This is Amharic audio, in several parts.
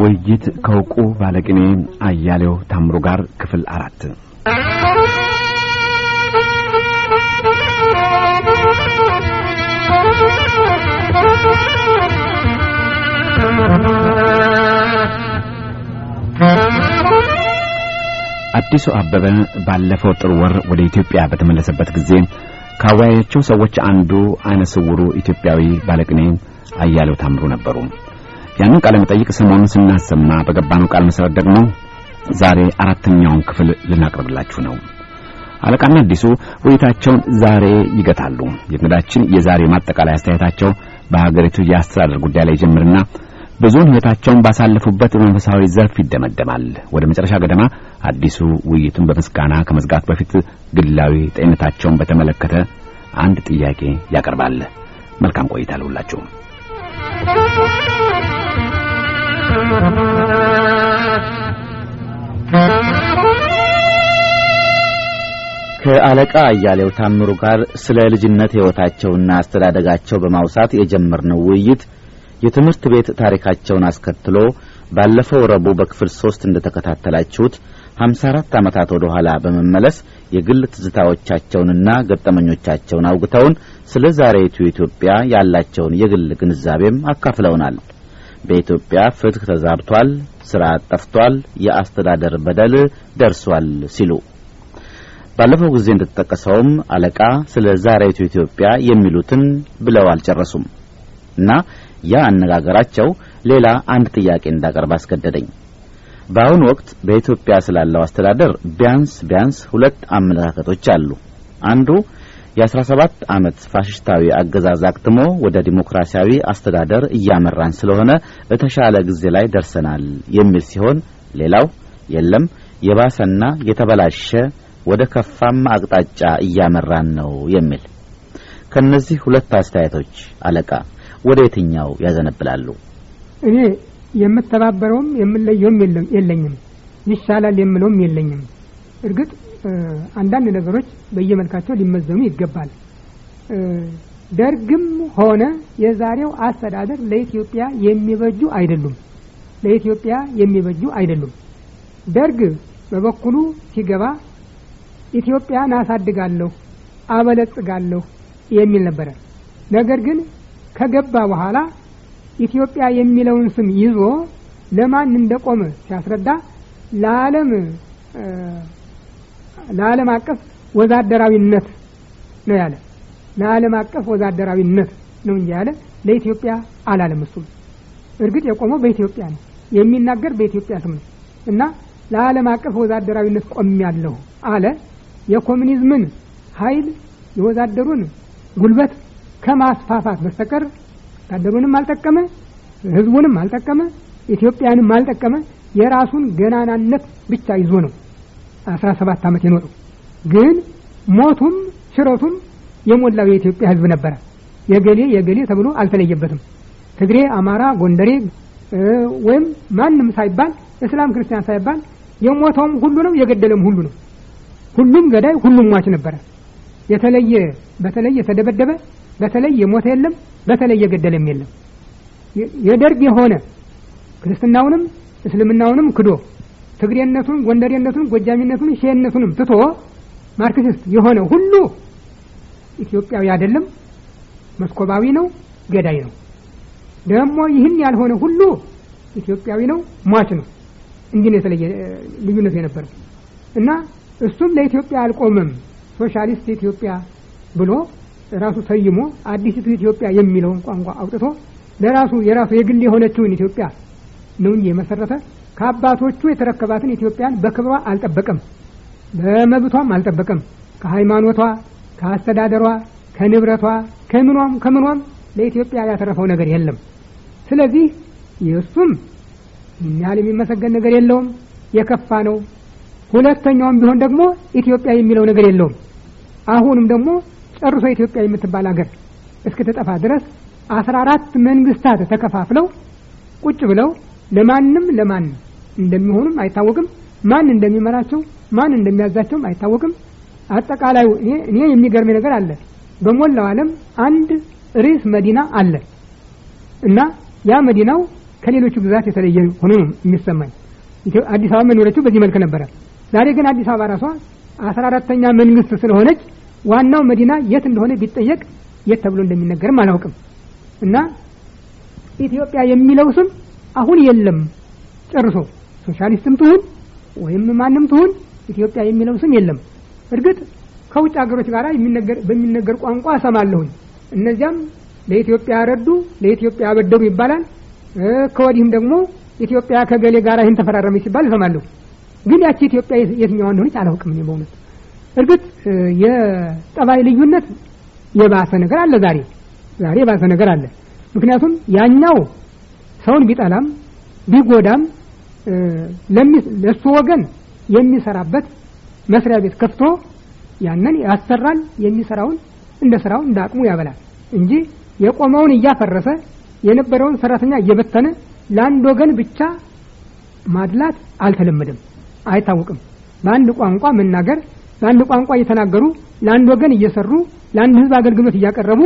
ውይይት ከውቁ ባለቅኔ አያሌው ታምሩ ጋር ክፍል አራት አዲሱ አበበ ባለፈው ጥር ወር ወደ ኢትዮጵያ በተመለሰበት ጊዜ ካወያያቸው ሰዎች አንዱ አይነ ስውሩ ኢትዮጵያዊ ባለቅኔ አያሌው ታምሩ ነበሩ። ያንን ቃለ መጠይቅ ሰሞኑን ስናሰማ በገባነው ቃል መሰረት ደግሞ ዛሬ አራተኛውን ክፍል ልናቀርብላችሁ ነው። አለቃና አዲሱ ውይይታቸውን ዛሬ ይገታሉ። የእንግዳችን የዛሬ ማጠቃላይ አስተያየታቸው በሀገሪቱ የአስተዳደር ጉዳይ ላይ ጀምርና ብዙውን ህይወታቸውን ባሳለፉበት በመንፈሳዊ ዘርፍ ይደመደማል። ወደ መጨረሻ ገደማ አዲሱ ውይይቱን በምስጋና ከመዝጋቱ በፊት ግላዊ ጤንነታቸውን በተመለከተ አንድ ጥያቄ ያቀርባል። መልካም ቆይታ ልሁላችሁ። ከአለቃ አያሌው ታምሩ ጋር ስለ ልጅነት ሕይወታቸውና አስተዳደጋቸው በማውሳት የጀመርነው ውይይት የትምህርት ቤት ታሪካቸውን አስከትሎ ባለፈው ረቡዕ በክፍል ሶስት እንደ ተከታተላችሁት ሀምሳ አራት ዓመታት ወደ ኋላ በመመለስ የግል ትዝታዎቻቸውንና ገጠመኞቻቸውን አውግተውን ስለ ዛሬቱ ኢትዮጵያ ያላቸውን የግል ግንዛቤም አካፍለውናል። በኢትዮጵያ ፍትህ ተዛብቷል፣ ስራ ጠፍቷል፣ የአስተዳደር በደል ደርሷል ሲሉ ባለፈው ጊዜ እንደተጠቀሰውም አለቃ ስለ ዛሬቱ ኢትዮጵያ የሚሉትን ብለው አልጨረሱም እና ያ አነጋገራቸው ሌላ አንድ ጥያቄ እንዳቀርብ አስገደደኝ። በአሁኑ ወቅት በኢትዮጵያ ስላለው አስተዳደር ቢያንስ ቢያንስ ሁለት አመለካከቶች አሉ። አንዱ የአስራ ሰባት ዓመት ፋሽስታዊ አገዛዝ አክትሞ ወደ ዲሞክራሲያዊ አስተዳደር እያመራን ስለሆነ የተሻለ ጊዜ ላይ ደርሰናል የሚል ሲሆን ሌላው የለም የባሰና የተበላሸ ወደ ከፋም አቅጣጫ እያመራን ነው የሚል። ከነዚህ ሁለት አስተያየቶች አለቃ ወደ የትኛው ያዘነብላሉ? እኔ የምተባበረውም የምለየውም የለኝም፣ ይሻላል የምለውም የለኝም። እርግጥ አንዳንድ ነገሮች በየመልካቸው ሊመዘኑ ይገባል። ደርግም ሆነ የዛሬው አስተዳደር ለኢትዮጵያ የሚበጁ አይደሉም። ለኢትዮጵያ የሚበጁ አይደሉም። ደርግ በበኩሉ ሲገባ ኢትዮጵያን አሳድጋለሁ፣ አበለጽጋለሁ የሚል ነበረ። ነገር ግን ከገባ በኋላ ኢትዮጵያ የሚለውን ስም ይዞ ለማን እንደቆመ ሲያስረዳ ለዓለም ለዓለም አቀፍ ወዛደራዊነት ነው ያለ ለዓለም አቀፍ ወዛደራዊነት ነው እንጂ ያለ ለኢትዮጵያ አላለም። እሱም እርግጥ የቆመው በኢትዮጵያ ነው የሚናገር በኢትዮጵያ ስም ነው እና ለዓለም አቀፍ ወዛደራዊነት ያለሁ አለ። የኮሚኒዝምን ኃይል የወዛደሩን ጉልበት ከማስፋፋት በስተቀር ወታደሩንም አልጠቀመ፣ ህዝቡንም አልጠቀመ፣ ኢትዮጵያንም አልጠቀመ። የራሱን ገናናነት ብቻ ይዞ ነው አስራ ሰባት አመት የኖረው ግን ሞቱም ሽረቱም የሞላው የኢትዮጵያ ህዝብ ነበረ። የገሌ የገሌ ተብሎ አልተለየበትም። ትግሬ፣ አማራ፣ ጎንደሬ ወይም ማንም ሳይባል እስላም ክርስቲያን ሳይባል የሞተውም ሁሉ ነው፣ የገደለም ሁሉ ነው። ሁሉም ገዳይ፣ ሁሉም ሟች ነበረ። የተለየ በተለይ የተደበደበ በተለይ የሞተ የለም፣ በተለይ የገደለም የለም። የደርግ የሆነ ክርስትናውንም እስልምናውንም ክዶ ትግሬነቱን፣ ጎንደሬነቱን፣ ጎጃሚነቱን፣ ሼነቱንም ትቶ ማርክሲስት የሆነ ሁሉ ኢትዮጵያዊ አይደለም፣ መስኮባዊ ነው፣ ገዳይ ነው። ደግሞ ይህን ያልሆነ ሁሉ ኢትዮጵያዊ ነው፣ ሟች ነው። እንዲህ ነው የተለየ ልዩነቱ የነበረው እና እሱም ለኢትዮጵያ አልቆመም። ሶሻሊስት ኢትዮጵያ ብሎ ራሱ ሰይሞ አዲሲቱ ኢትዮጵያ የሚለውን ቋንቋ አውጥቶ ለራሱ የራሱ የግል የሆነችውን ኢትዮጵያ ነው እንጂ የመሰረተ ከአባቶቹ የተረከባትን ኢትዮጵያን በክብሯ አልጠበቀም፣ በመብቷም አልጠበቀም። ከሃይማኖቷ፣ ከአስተዳደሯ፣ ከንብረቷ፣ ከምኗም ከምኗም ለኢትዮጵያ ያተረፈው ነገር የለም። ስለዚህ የእሱም ይህን ያህል የሚመሰገን ነገር የለውም፣ የከፋ ነው። ሁለተኛውም ቢሆን ደግሞ ኢትዮጵያ የሚለው ነገር የለውም። አሁንም ደግሞ ጨርሶ ኢትዮጵያ የምትባል ሀገር እስክትጠፋ ድረስ አስራ አራት መንግስታት ተከፋፍለው ቁጭ ብለው ለማንም ለማንም እንደሚሆኑም አይታወቅም። ማን እንደሚመራቸው ማን እንደሚያዛቸውም አይታወቅም። አጠቃላዩ እኔ የሚገርመኝ ነገር አለ። በሞላው አለም አንድ ርዕስ መዲና አለ እና ያ መዲናው ከሌሎቹ ግዛት የተለየ ሆኖ ነው የሚሰማኝ። አዲስ አበባ መኖረችው በዚህ መልክ ነበረ። ዛሬ ግን አዲስ አበባ ራሷ አስራ አራተኛ መንግስት ስለሆነች ዋናው መዲና የት እንደሆነ ቢጠየቅ የት ተብሎ እንደሚነገርም አላውቅም እና ኢትዮጵያ የሚለው ስም አሁን የለም ጨርሶ ሶሻሊስትም ትሁን ወይም ማንም ትሁን ኢትዮጵያ የሚለው ስም የለም። እርግጥ ከውጭ ሀገሮች ጋር በሚነገር ቋንቋ እሰማለሁኝ። እነዚያም ለኢትዮጵያ ረዱ፣ ለኢትዮጵያ አበደሩ ይባላል። ከወዲህም ደግሞ ኢትዮጵያ ከገሌ ጋር ይህን ተፈራረመች ሲባል እሰማለሁ። ግን ያቺ ኢትዮጵያ የትኛዋ እንደሆነች አላውቅም እኔ በእውነት። እርግጥ የጠባይ ልዩነት የባሰ ነገር አለ። ዛሬ ዛሬ የባሰ ነገር አለ። ምክንያቱም ያኛው ሰውን ቢጠላም ቢጎዳም ለእሱ ወገን የሚሰራበት መስሪያ ቤት ከፍቶ ያንን ያሰራል። የሚሰራውን እንደ ስራው እንደ አቅሙ ያበላል እንጂ የቆመውን እያፈረሰ የነበረውን ሰራተኛ እየበተነ ለአንድ ወገን ብቻ ማድላት አልተለመደም፣ አይታወቅም። በአንድ ቋንቋ መናገር፣ በአንድ ቋንቋ እየተናገሩ ለአንድ ወገን እየሰሩ ለአንድ ህዝብ አገልግሎት እያቀረቡ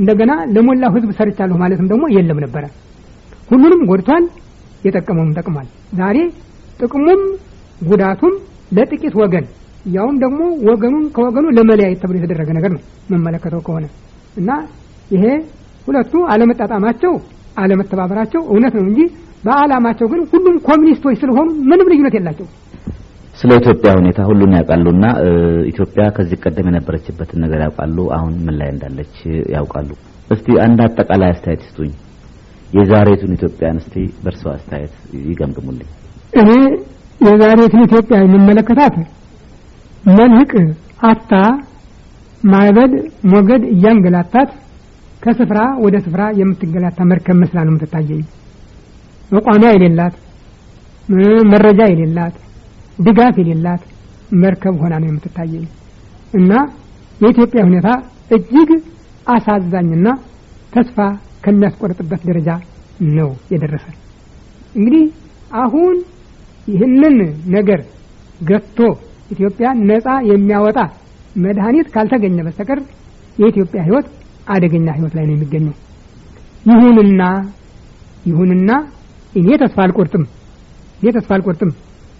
እንደገና ለሞላው ህዝብ ሰርቻለሁ ማለትም ደግሞ የለም ነበረ። ሁሉንም ጎድቷል። የጠቀመውን ጠቅሟል። ዛሬ ጥቅሙም ጉዳቱም ለጥቂት ወገን ያውም ደግሞ ወገኑን ከወገኑ ለመለያየት ተብሎ የተደረገ ነገር ነው የምመለከተው ከሆነ እና ይሄ ሁለቱ አለመጣጣማቸው አለመተባበራቸው እውነት ነው እንጂ በአላማቸው ግን ሁሉም ኮሚኒስቶች ስለሆኑ ምንም ልዩነት የላቸው። ስለ ኢትዮጵያ ሁኔታ ሁሉን ያውቃሉና ኢትዮጵያ ከዚህ ቀደም የነበረችበትን ነገር ያውቃሉ። አሁን ምን ላይ እንዳለች ያውቃሉ። እስቲ አንድ አጠቃላይ አስተያየት ስጡኝ። የዛሬቱን ኢትዮጵያ እስቲ በእርሶ አስተያየት ይገምግሙልኝ። እኔ የዛሬቱን ኢትዮጵያ የሚመለከታት መልህቅ አታ ማዕበል ሞገድ እያንገላታት ከስፍራ ወደ ስፍራ የምትገላታ መርከብ መስላ ነው የምትታየኝ። መቋሚያ የሌላት፣ መረጃ የሌላት፣ ድጋፍ የሌላት መርከብ ሆና ነው የምትታየኝ እና የኢትዮጵያ ሁኔታ እጅግ አሳዛኝና ተስፋ ከሚያስቆርጥበት ደረጃ ነው የደረሰ። እንግዲህ አሁን ይህንን ነገር ገጥቶ ኢትዮጵያ ነፃ የሚያወጣ መድኃኒት ካልተገኘ በስተቀር የኢትዮጵያ ህይወት አደገኛ ህይወት ላይ ነው የሚገኘው። ይሁንና ይሁንና እኔ ተስፋ አልቆርጥም እኔ ተስፋ አልቆርጥም።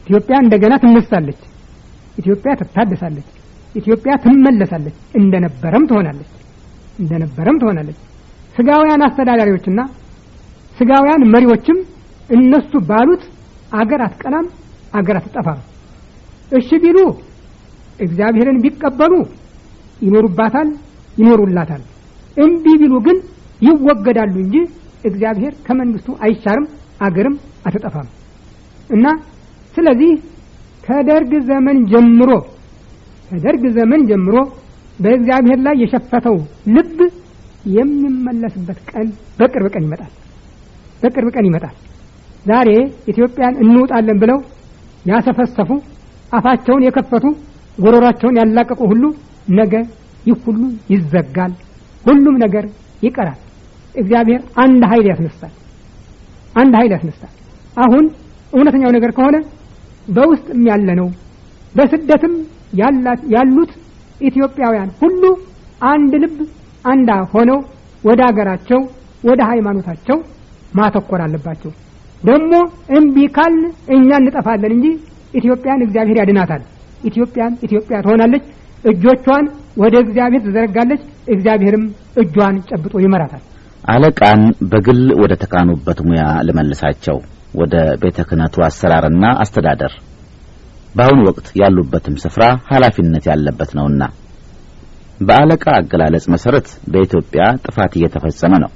ኢትዮጵያ እንደገና ትነሳለች። ኢትዮጵያ ትታደሳለች። ኢትዮጵያ ትመለሳለች። እንደነበረም ትሆናለች እንደነበረም ትሆናለች። ስጋውያን አስተዳዳሪዎችና ስጋውያን መሪዎችም እነሱ ባሉት አገር አትቀናም፣ አገር አትጠፋም። እሺ ቢሉ እግዚአብሔርን ቢቀበሉ ይኖሩባታል፣ ይኖሩላታል። እምቢ ቢሉ ግን ይወገዳሉ እንጂ እግዚአብሔር ከመንግስቱ አይሻርም፣ አገርም አትጠፋም እና ስለዚህ ከደርግ ዘመን ጀምሮ ከደርግ ዘመን ጀምሮ በእግዚአብሔር ላይ የሸፈተው ልብ የምንመለስበት ቀን በቅርብ ቀን ይመጣል። በቅርብ ቀን ይመጣል። ዛሬ ኢትዮጵያን እንውጣለን ብለው ያሰፈሰፉ፣ አፋቸውን የከፈቱ፣ ጎሮሯቸውን ያላቀቁ ሁሉ ነገ ይህ ሁሉ ይዘጋል። ሁሉም ነገር ይቀራል። እግዚአብሔር አንድ ኃይል ያስነሳል። አንድ ኃይል ያስነሳል። አሁን እውነተኛው ነገር ከሆነ በውስጥም ያለ ነው። በስደትም ያሉት ኢትዮጵያውያን ሁሉ አንድ ልብ አንዳ ሆነው ወደ አገራቸው ወደ ሃይማኖታቸው ማተኮር አለባቸው። ደግሞ እምቢ ካል እኛ እንጠፋለን እንጂ ኢትዮጵያን እግዚአብሔር ያድናታል። ኢትዮጵያን ኢትዮጵያ ትሆናለች። እጆቿን ወደ እግዚአብሔር ትዘረጋለች። እግዚአብሔርም እጇን ጨብጦ ይመራታል። አለቃን በግል ወደ ተካኑበት ሙያ ልመልሳቸው፣ ወደ ቤተ ክህነቱ አሰራርና አስተዳደር በአሁኑ ወቅት ያሉበትም ስፍራ ኃላፊነት ያለበት ነውና በአለቃ አገላለጽ መሰረት በኢትዮጵያ ጥፋት እየተፈጸመ ነው።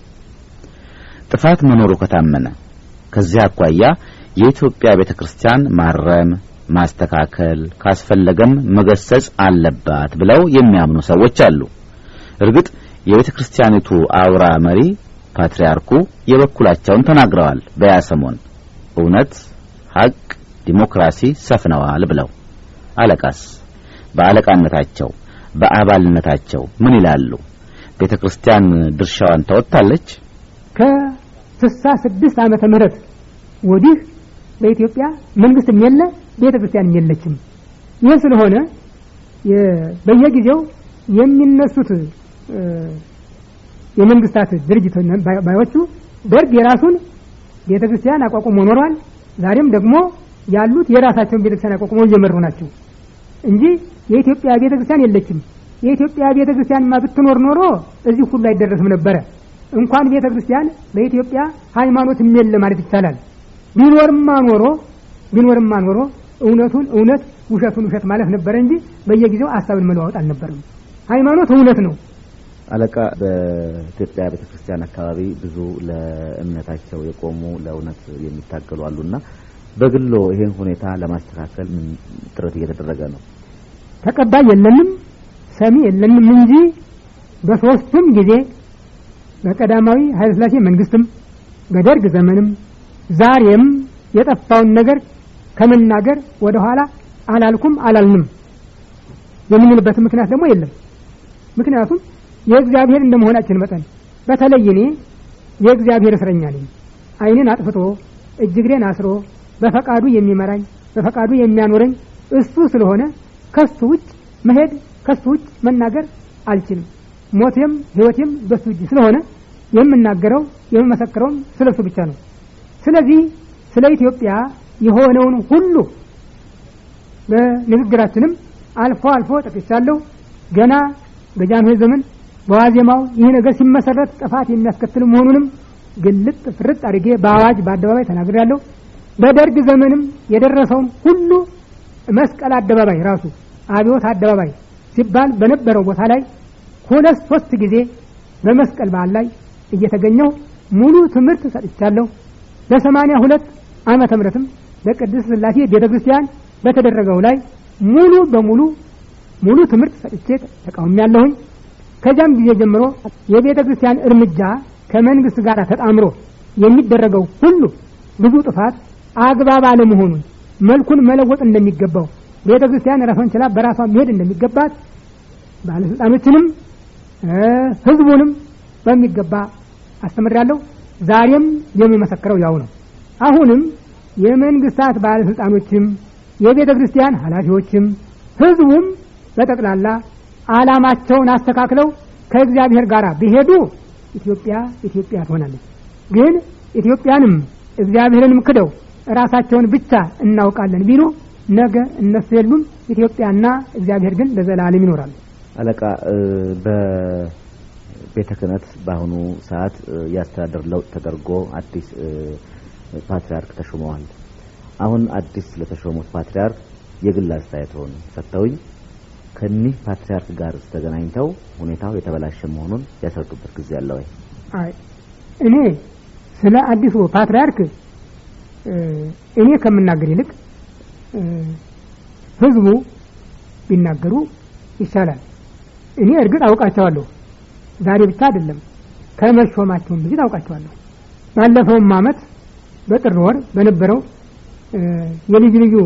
ጥፋት መኖሩ ከታመነ ከዚያ አኳያ የኢትዮጵያ ቤተ ክርስቲያን ማረም፣ ማስተካከል ካስፈለገም መገሰጽ አለባት ብለው የሚያምኑ ሰዎች አሉ። እርግጥ የቤተ ክርስቲያኒቱ አውራ መሪ ፓትርያርኩ የበኩላቸውን ተናግረዋል። በያሰሞን እውነት፣ ሀቅ፣ ዲሞክራሲ ሰፍነዋል ብለው አለቃስ በአለቃነታቸው በአባልነታቸው ምን ይላሉ? ቤተ ክርስቲያን ድርሻዋን ተወጥታለች? ከስልሳ ስድስት ዓመተ ምህረት ወዲህ በኢትዮጵያ መንግስትም የለ ቤተ ክርስቲያንም የለችም። ይህ ስለሆነ በየጊዜው የሚነሱት የመንግስታት ድርጅት ባዮቹ ደርግ የራሱን ቤተ ክርስቲያን አቋቁሞ ኖሯል። ዛሬም ደግሞ ያሉት የራሳቸውን ቤተ ክርስቲያን አቋቁሞ እየመሩ ናቸው። እንጂ የኢትዮጵያ ቤተ ክርስቲያን የለችም። የኢትዮጵያ ቤተ ክርስቲያንማ ብትኖር ኖሮ እዚህ ሁሉ አይደረስም ነበረ። እንኳን ቤተ ክርስቲያን ሃይማኖት ሃይማኖትም የለ ማለት ይቻላል። ቢኖርማ ኖሮ ቢኖርማ ኖሮ እውነቱን እውነት ውሸቱን ውሸት ማለት ነበረ እንጂ በየጊዜው ሀሳብን መለዋወጥ አልነበርም። ሃይማኖት እውነት ነው። አለቃ በኢትዮጵያ ቤተክርስቲያን አካባቢ ብዙ ለእምነታቸው የቆሙ ለእውነት የሚታገሉ አሉና በግሎ ይሄን ሁኔታ ለማስተካከል ጥረት እየተደረገ ነው። ተቀባይ የለንም፣ ሰሚ የለንም እንጂ በሶስቱም ጊዜ በቀዳማዊ ሀይለስላሴ መንግስትም በደርግ ዘመንም ዛሬም የጠፋውን ነገር ከመናገር ወደ ኋላ አላልኩም አላልንም የምንልበት ምክንያት ደግሞ የለም። ምክንያቱም የእግዚአብሔር እንደመሆናችን መጠን በተለይ እኔ የእግዚአብሔር እስረኛ ነኝ። አይንን አጥፍቶ እጅግሬን አስሮ በፈቃዱ የሚመራኝ በፈቃዱ የሚያኖረኝ እሱ ስለሆነ ከሱ ውጭ መሄድ ከሱ ውጭ መናገር አልችልም። ሞቴም ህይወቴም በሱ እጅ ስለሆነ የምናገረው የምመሰክረውም ስለ እሱ ብቻ ነው። ስለዚህ ስለ ኢትዮጵያ የሆነውን ሁሉ በንግግራችንም አልፎ አልፎ ጠቅሻለሁ። ገና በጃንሆይ ዘመን በዋዜማው ይህ ነገር ሲመሰረት ጥፋት የሚያስከትል መሆኑንም ግልጥ ፍርጥ አድርጌ በአዋጅ በአደባባይ ያለው። በደርግ ዘመንም የደረሰውን ሁሉ መስቀል አደባባይ ራሱ አብዮት አደባባይ ሲባል በነበረው ቦታ ላይ ሁለት ሶስት ጊዜ በመስቀል በዓል ላይ እየተገኘው ሙሉ ትምህርት ሰጥቻለሁ። ለሰማኒያ ሁለት ዓመተ ምረትም በቅድስት ስላሴ ቤተ ክርስቲያን በተደረገው ላይ ሙሉ በሙሉ ሙሉ ትምህርት ሰጥቼ ያለሁኝ ከዚያም ጊዜ ጀምሮ የቤተ ክርስቲያን እርምጃ ከመንግስት ጋር ተጣምሮ የሚደረገው ሁሉ ብዙ ጥፋት አግባብ አለመሆኑን መልኩን መለወጥ እንደሚገባው ቤተ ክርስቲያን ራሷን ችላ በራሷ መሄድ እንደሚገባት ባለስልጣኖችንም ህዝቡንም በሚገባ አስተምሬያለሁ። ዛሬም የምመሰክረው ያው ነው። አሁንም የመንግስታት ባለስልጣኖችም የቤተ ክርስቲያን ኃላፊዎችም ህዝቡም በጠቅላላ አላማቸውን አስተካክለው ከእግዚአብሔር ጋር ቢሄዱ ኢትዮጵያ ኢትዮጵያ ትሆናለች። ግን ኢትዮጵያንም እግዚአብሔርንም ክደው ራሳቸውን ብቻ እናውቃለን ቢሉ ነገ እነሱ የሉም፣ ኢትዮጵያና እግዚአብሔር ግን ለዘላለም ይኖራሉ። አለቃ በቤተ ክህነት በአሁኑ ሰዓት የአስተዳደር ለውጥ ተደርጎ አዲስ ፓትሪያርክ ተሾመዋል። አሁን አዲስ ለተሾሙት ፓትሪያርክ የግል ሆኑ ሰጥተውኝ ከኒህ ፓትሪያርክ ጋር ተገናኝተው ሁኔታው የተበላሸ መሆኑን ያስረዱበት ጊዜ አለ ወይ? አይ እኔ ስለ አዲሱ ፓትሪያርክ እኔ ከምናገር ይልቅ ህዝቡ ቢናገሩ ይሻላል። እኔ እርግጥ አውቃቸዋለሁ፣ ዛሬ ብቻ አይደለም፣ ከመሾማቸውን በፊት አውቃቸዋለሁ። ባለፈውም አመት በጥር ወር በነበረው የልዩ ልዩ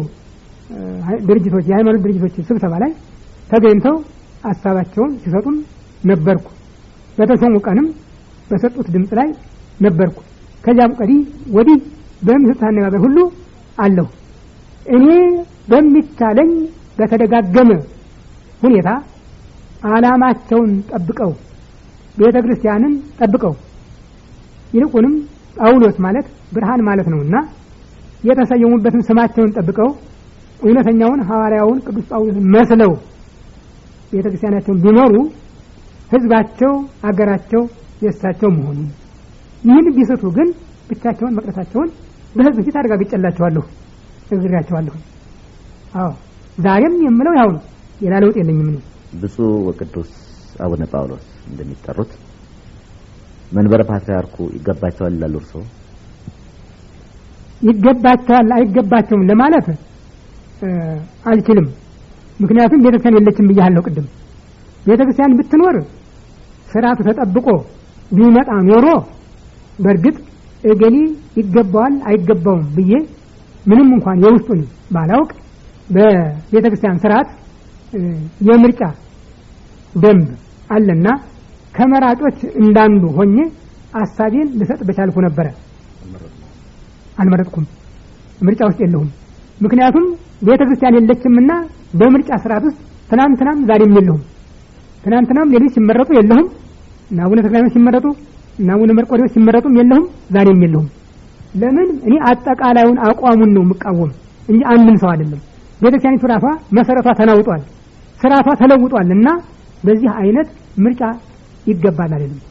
ድርጅቶች የሃይማኖት ድርጅቶች ስብሰባ ላይ ተገኝተው ሀሳባቸውን ሲሰጡም ነበርኩ። በተሾሙ ቀንም በሰጡት ድምፅ ላይ ነበርኩ። ከዚያም ቀዲ ወዲህ በምህርት አነጋገር ሁሉ አለሁ እኔ በሚቻለኝ በተደጋገመ ሁኔታ አላማቸውን ጠብቀው ቤተ ክርስቲያንን ጠብቀው ይልቁንም ጳውሎስ ማለት ብርሃን ማለት ነውና የተሰየሙበትን ስማቸውን ጠብቀው እውነተኛውን ሐዋርያውን ቅዱስ ጳውሎስ መስለው ቤተ ክርስቲያናቸውን ቢኖሩ ህዝባቸው፣ አገራቸው የእሳቸው መሆኑን ይህን ቢስቱ ግን ብቻቸውን መቅረታቸውን በህዝብ ፊት ቢጨላቸዋለሁ እግሬያቸዋለሁ አዎ ዛሬም የምለው ያው ነው ሌላ ለውጥ የለኝም ነው ብፁዕ ወቅዱስ አቡነ ጳውሎስ እንደሚጠሩት መንበረ ፓትርያርኩ ይገባቸዋል ይላሉ እርስዎ ይገባቸዋል አይገባቸውም ለማለት አልችልም ምክንያቱም ቤተክርስቲያን የለችም ብያለሁ ቅድም ቤተክርስቲያን ብትኖር ስርዓቱ ተጠብቆ ቢመጣ ኖሮ በእርግጥ እገሌ ይገባዋል አይገባውም ብዬ ምንም እንኳን የውስጡን ባላውቅ በቤተ ክርስቲያን ስርዓት የምርጫ ደንብ አለና ከመራጮች እንዳንዱ ሆኜ አሳቤን ልሰጥ በቻልኩ ነበረ። አልመረጥኩም፣ ምርጫ ውስጥ የለሁም። ምክንያቱም ቤተ ክርስቲያን የለችምና በምርጫ ስርዓት ውስጥ ትናንትናም ዛሬም የለሁም። ትናንትናም ሌሎች ሲመረጡ የለሁም እና አቡነ ተክለ ሲመረጡ እና አቡነ መርቆሬዎስ ሲመረጡም የለሁም ዛሬም የለሁም። ለምን እኔ አጠቃላዩን አቋሙን ነው የምቃወም እንጂ አንድም ሰው አይደለም። ቤተክርስቲያኒቱ ራሷ መሰረቷ ተናውጧል፣ ስርዓቷ ተለውጧል። እና በዚህ አይነት ምርጫ ይገባል አይደለም።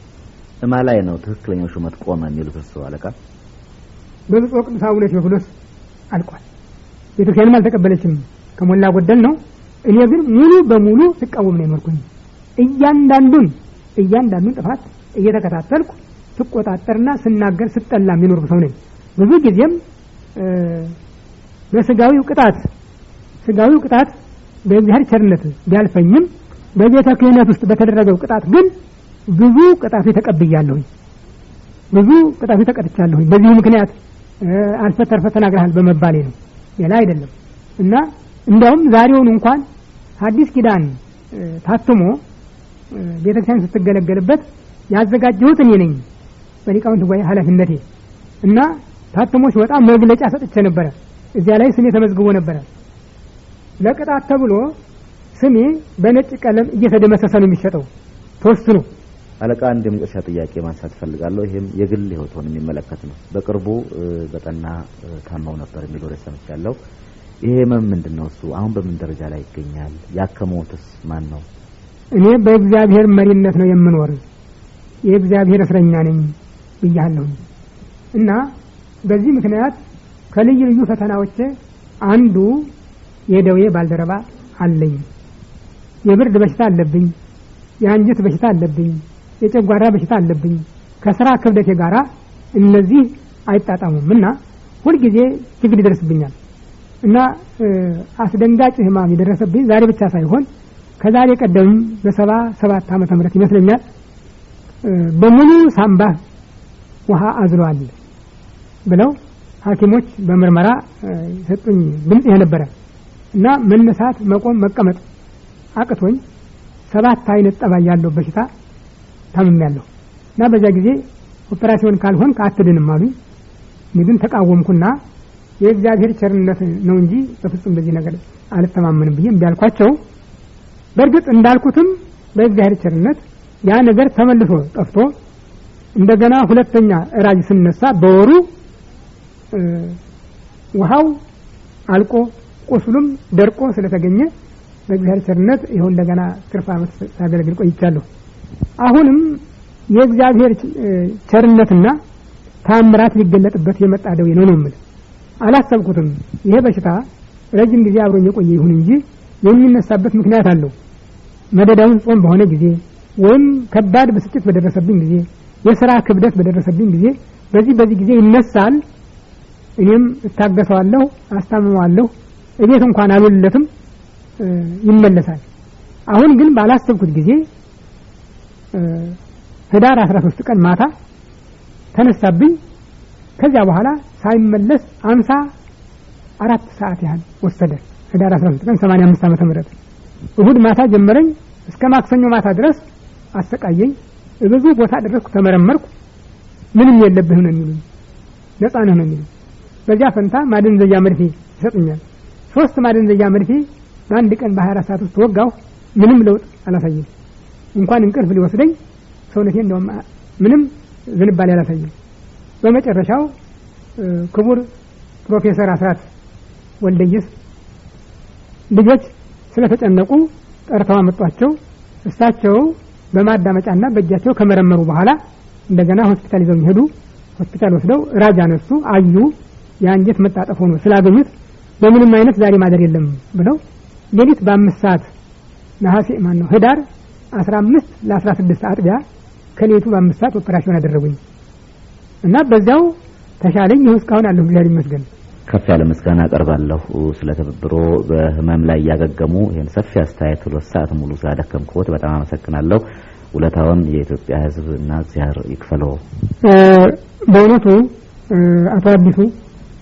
እማ ላይ ነው ትክክለኛው ሹመት ቆመ የሚሉት እሱ አለቃ በብፁዕ ቅዱስ አቡነ ቴዎፍሎስ አልቋል። ቤተክርስቲያንም አልተቀበለችም፣ ከሞላ ጎደል ነው። እኔ ግን ሙሉ በሙሉ ስቃወም ነው የመርኩኝ እያንዳንዱን እያንዳንዱን ጥፋት እየተከታተልኩ ስቆጣጠርና ስናገር ስጠላ የሚኖር ሰው ነኝ። ብዙ ጊዜም በስጋዊው ቅጣት ስጋዊው ቅጣት በእግዚአብሔር ቸርነት ቢያልፈኝም በቤተ ክህነት ውስጥ በተደረገው ቅጣት ግን ብዙ ቅጣፊ ተቀብያለሁኝ። ብዙ ቅጣፊ ተቀጥቻለሁኝ። በዚህ ምክንያት አልፈተርፈ ተናግረሃል በመባሌ ነው፣ ሌላ አይደለም። እና እንዲያውም ዛሬውን እንኳን ሐዲስ ኪዳን ታትሞ ቤተክርስቲያን ስትገለገልበት ያዘጋጀሁት እኔ ነኝ በሊቃውንት ጉባኤ ኃላፊነቴ እና ታትሞች ወጣ መግለጫ ሰጥቼ ነበረ። እዚያ ላይ ስሜ ተመዝግቦ ነበረ። ለቅጣት ተብሎ ስሜ በነጭ ቀለም እየተደመሰሰ ነው የሚሸጠው። ነው አለቃ አንድ የመጨረሻ ጥያቄ ማንሳት ፈልጋለሁ ይህም የግል ሕይወቶን የሚመለከት ነው። በቅርቡ በጠና ታመው ነበር የሚል ወደ ሰምቻለሁ። ይሄ ህመም ምንድን ነው? እሱ አሁን በምን ደረጃ ላይ ይገኛል? ያከመውትስ ማን ነው? እኔ በእግዚአብሔር መሪነት ነው የምኖር። የእግዚአብሔር እስረኛ ነኝ ብያለሁ እና በዚህ ምክንያት ከልዩ ልዩ ፈተናዎች አንዱ የደዌ ባልደረባ አለኝ። የብርድ በሽታ አለብኝ፣ የአንጀት በሽታ አለብኝ፣ የጨጓራ በሽታ አለብኝ። ከስራ ክብደቴ ጋራ እነዚህ አይጣጣሙም እና ሁልጊዜ ችግር ይደርስብኛል እና አስደንጋጭ ህማም የደረሰብኝ ዛሬ ብቻ ሳይሆን ከዛሬ ቀደም በሰባ ሰባት ዓመተ ምህረት ይመስለኛል በሙሉ ሳምባህ ውሃ አዝሏል ብለው ሐኪሞች በምርመራ ሰጡኝ ድምፅ የነበረ እና መነሳት፣ መቆም፣ መቀመጥ አቅቶኝ ሰባት አይነት ጠባይ ያለው በሽታ ታምሜያለሁ እና በዛ ጊዜ ኦፕራሲዮን ካልሆን አትድንም አሉኝ። ግን ተቃወምኩና የእግዚአብሔር ቸርነት ነው እንጂ በፍጹም በዚህ ነገር አልተማመንም ብዬ እምቢ በእርግጥ እንዳልኩትም በእግዚአብሔር ቸርነት ያ ነገር ተመልሶ ጠፍቶ እንደገና ሁለተኛ እራጅ ስነሳ በወሩ ውሃው አልቆ ቁስሉም ደርቆ ስለተገኘ በእግዚአብሔር ቸርነት ይሁን እንደገና ትርፍ ዓመት ሳገለግል ቆይቻለሁ። አሁንም የእግዚአብሔር ቸርነትና ታምራት ሊገለጥበት የመጣ ደዌ ነው ነው የምልህ። አላሰብኩትም። ይሄ በሽታ ረጅም ጊዜ አብሮኝ የቆየ ይሁን እንጂ የሚነሳበት ምክንያት አለው። መደዳውን ጾም በሆነ ጊዜ ወይም ከባድ ብስጭት በደረሰብኝ ጊዜ፣ የስራ ክብደት በደረሰብኝ ጊዜ በዚህ በዚህ ጊዜ ይነሳል። እኔም እታገሰዋለሁ፣ አስታምመዋለሁ፣ እቤት እንኳን አሉልለትም ይመለሳል። አሁን ግን ባላሰብኩት ጊዜ ህዳር 13 ቀን ማታ ተነሳብኝ። ከዚያ በኋላ ሳይመለስ አምሳ አራት ሰዓት ያህል ወሰደ። ህዳር 13 ቀን 85 ዓመተ ምህረት እሁድ ማታ ጀመረኝ እስከ ማክሰኞ ማታ ድረስ አሰቃየኝ። ብዙ ቦታ ደረስኩ፣ ተመረመርኩ። ምንም የለብህ ነው የሚሉኝ፣ ነጻ ነህ ነው የሚሉኝ። በዚያ ፈንታ ማደንዘያ መርፌ ይሰጡኛል። ሶስት ማደንዘያ መርፌ በአንድ ቀን በ አራት ሰዓት ውስጥ ወጋሁ። ምንም ለውጥ አላሳየም። እንኳን እንቅልፍ ሊወስደኝ ሰውነቴ እንደውም ምንም ዝንባሌ አላሳየም። በመጨረሻው ክቡር ፕሮፌሰር አስራት ወልደየስ ልጆች ስለተጨነቁ ጠርተው አመጧቸው። እሳቸው በማዳመጫና በእጃቸው ከመረመሩ በኋላ እንደገና ሆስፒታል ይዘው የሚሄዱ ሆስፒታል ወስደው ራጅ አነሱ። አዩ የአንጀት መጣጠፍ ሆኖ ስላገኙት በምንም አይነት ዛሬ ማደር የለም ብለው ሌሊት በአምስት ሰዓት ነሐሴ ማን ነው ህዳር 15 ለ16 አጥቢያ ከሌቱ በአምስት ሰዓት ኦፕሬሽን አደረጉኝ እና በዚያው ተሻለኝ። ይኸው እስካሁን አለሁ፣ እግዚአብሔር ይመስገን። ከፍ ያለ ምስጋና አቀርባለሁ ስለ ትብብሮ። በህመም ላይ እያገገሙ ይህን ሰፊ አስተያየት ሁለት ሰዓት ሙሉ ስላደከምክዎት በጣም አመሰግናለሁ። ውለታውን የኢትዮጵያ ህዝብ እና ዚያር ይክፈለው። በእውነቱ አቶ አዲሱ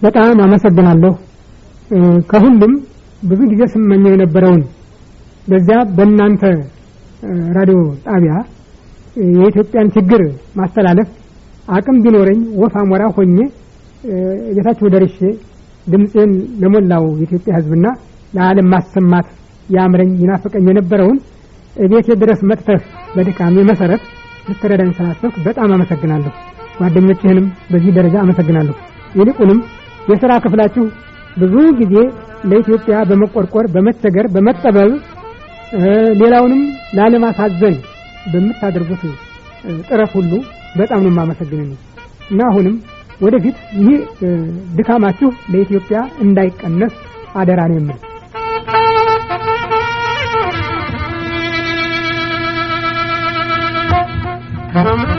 በጣም አመሰግናለሁ። ከሁሉም ብዙ ጊዜ ስመኘው የነበረውን በዚያ በእናንተ ራዲዮ ጣቢያ የኢትዮጵያን ችግር ማስተላለፍ አቅም ቢኖረኝ ወፍ አሞራ ሆኜ ቤታቸው ደርሼ ድምፄን ለሞላው የኢትዮጵያ ህዝብና ለዓለም ማሰማት ያምረኝ ይናፈቀኝ የነበረውን እቤት ድረስ መጥተህ በድካሜ መሰረት ልትረዳኝ ስላሰብክ በጣም አመሰግናለሁ። ጓደኞችህንም በዚህ ደረጃ አመሰግናለሁ። ይልቁንም የሥራ ክፍላችሁ ብዙ ጊዜ ለኢትዮጵያ በመቆርቆር በመቸገር፣ በመጠበብ ሌላውንም ላለማሳዘን በምታደርጉት ጥረት ሁሉ በጣም ነው የማመሰግነኝ እና አሁንም ወደፊት ይህ ድካማችሁ ለኢትዮጵያ እንዳይቀነስ አደራ ነው የምል። Thank